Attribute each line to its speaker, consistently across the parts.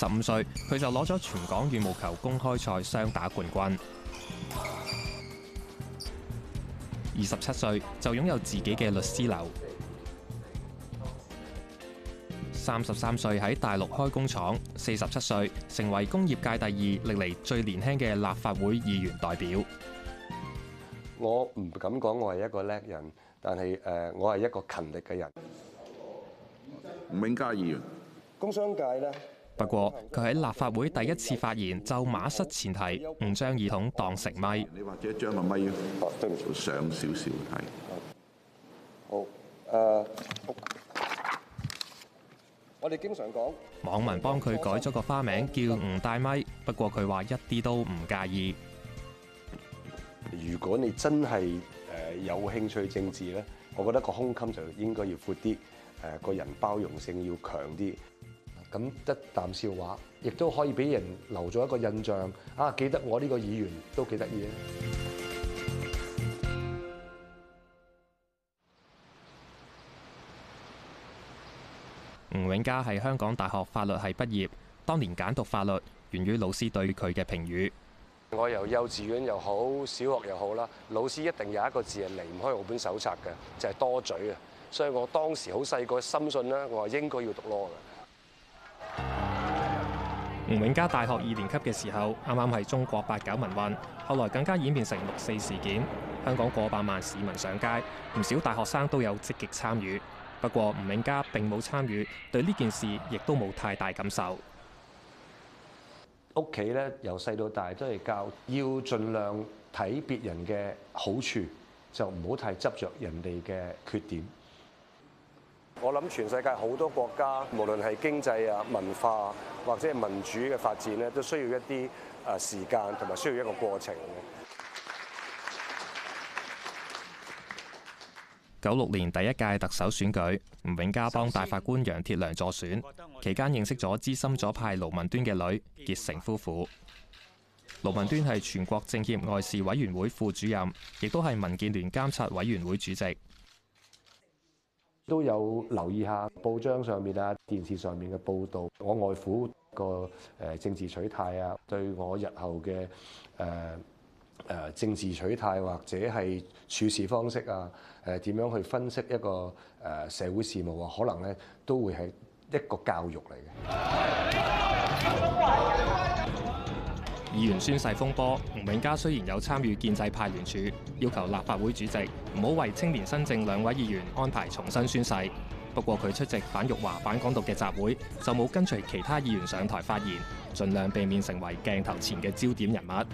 Speaker 1: 十五歲佢就攞咗全港羽毛球公開賽雙打冠軍，二十七歲就擁有自己嘅律師樓，三十三歲喺大陸開工廠，四十七歲成為工業界第二歷嚟最年輕嘅立法會議員代表。
Speaker 2: 我唔敢講我係一個叻人，但係誒我係一個勤力嘅人。
Speaker 1: 吳永嘉議員，
Speaker 2: 工商界呢。
Speaker 1: 不過，佢喺立法會第一次發言就馬失前蹄，唔將耳筒當成咪。你或者將個咪得
Speaker 2: 上少少。係、啊。好。誒、啊，我哋經常講。
Speaker 1: 網民幫佢改咗個花名，叫「吳大咪」，不過佢話一啲都唔介意。如果你真係
Speaker 2: 誒有興趣政治咧，我覺得個胸襟就應該要闊啲，誒個人包容性要強啲。咁一啖笑話，亦都可以俾人留咗一個印象啊！記得我呢個議員都幾得意啊！
Speaker 1: 吳永嘉係香港大學法律系畢業，當年揀讀法律，源於老師對佢嘅評語。
Speaker 2: 我由幼稚園又好，小學又好啦，老師一定有一個字係離唔開嗰本手冊嘅，就係多嘴啊！所以我當時好細個深信啦，我係應該要讀 law 嘅。
Speaker 1: 吳永嘉大學二年級嘅時候，啱啱係中國八九民運，後來更加演變成六四事件，香港過百萬市民上街，唔少大學生都有積極參與。不過吳永嘉並冇參與，對呢件事亦都冇太大感受。
Speaker 2: 屋企咧，由細到大都係教要盡量睇別人嘅好處，就唔好太執着人哋嘅缺點。我諗全世界好多國家，無論係經濟啊、文化或者係民主嘅發展呢，都需要一啲啊時間，同埋需要一個過程。
Speaker 1: 九六年第一屆特首選舉，吳永嘉幫大法官楊鐵樑助選，期間認識咗資深左派盧文端嘅女，結成夫婦。盧文端係全國政協外事委員會副主任，亦都係民建聯監察委員會主席。
Speaker 2: 都有留意下報章上面啊、電視上面嘅報導，我外父個誒政治取態啊，對我日後嘅誒誒政治取態或者係處事方式啊，誒點樣去分析一個誒社會事務啊，可能咧
Speaker 1: 都會係一個教育嚟嘅。議員宣誓風波，吳永嘉雖然有參與建制派聯署，要求立法會主席唔好為青年新政兩位議員安排重新宣誓，不過佢出席反辱華、反港獨嘅集會，就冇跟隨其他議員上台發言，盡量避免成為鏡頭前嘅焦點人物。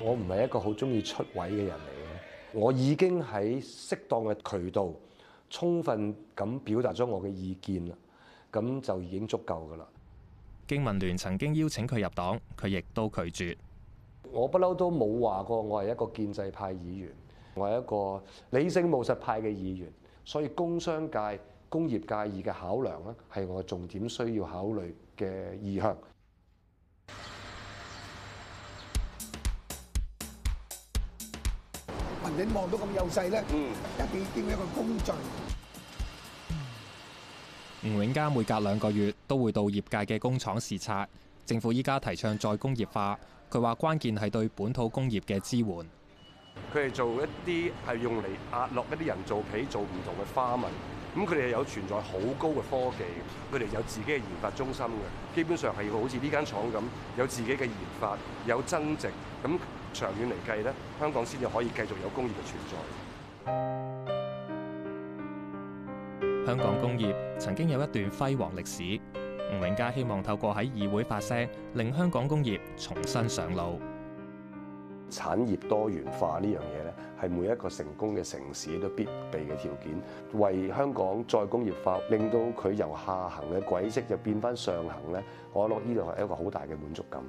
Speaker 1: 我唔
Speaker 2: 係一個好中意出位嘅人嚟嘅，我已經喺適當嘅渠道充分咁表達咗我嘅意見啦。咁就已經足夠㗎喇。
Speaker 1: 經民聯曾經邀請佢入黨，佢亦都拒絕。
Speaker 2: 我不嬲都冇話過，我係一個建制派議員，我係一個理性務實派嘅議員，所以工商界、工業界議嘅考量咧，係我重點需要考慮嘅意向。民警望到咁幼細咧，
Speaker 1: 入邊點樣一個工序？吳永嘉每隔兩個月都會到業界嘅工廠視察。政府依家提倡再工業化，佢話關鍵係對本土工業嘅支援。
Speaker 2: 佢哋做一啲係用嚟壓落一啲人造皮做唔同嘅花紋，咁佢哋係有存在好高嘅科技，佢哋有自己嘅研發中心嘅，基本上係好似呢間廠咁有自己嘅研發有增值，咁長遠嚟計咧，香港先至可以繼續有工業嘅存在。
Speaker 1: 香港工業曾經有一段輝煌歷史，吳永嘉希望透過喺議會發聲，令香港工業重新上路。
Speaker 2: 產業多元化呢樣嘢咧，係每一個成功嘅城市都必備嘅條件。為香港再工業化，令到佢由下行嘅軌跡又變翻上行咧，我覺得呢度係一個好大嘅滿足感。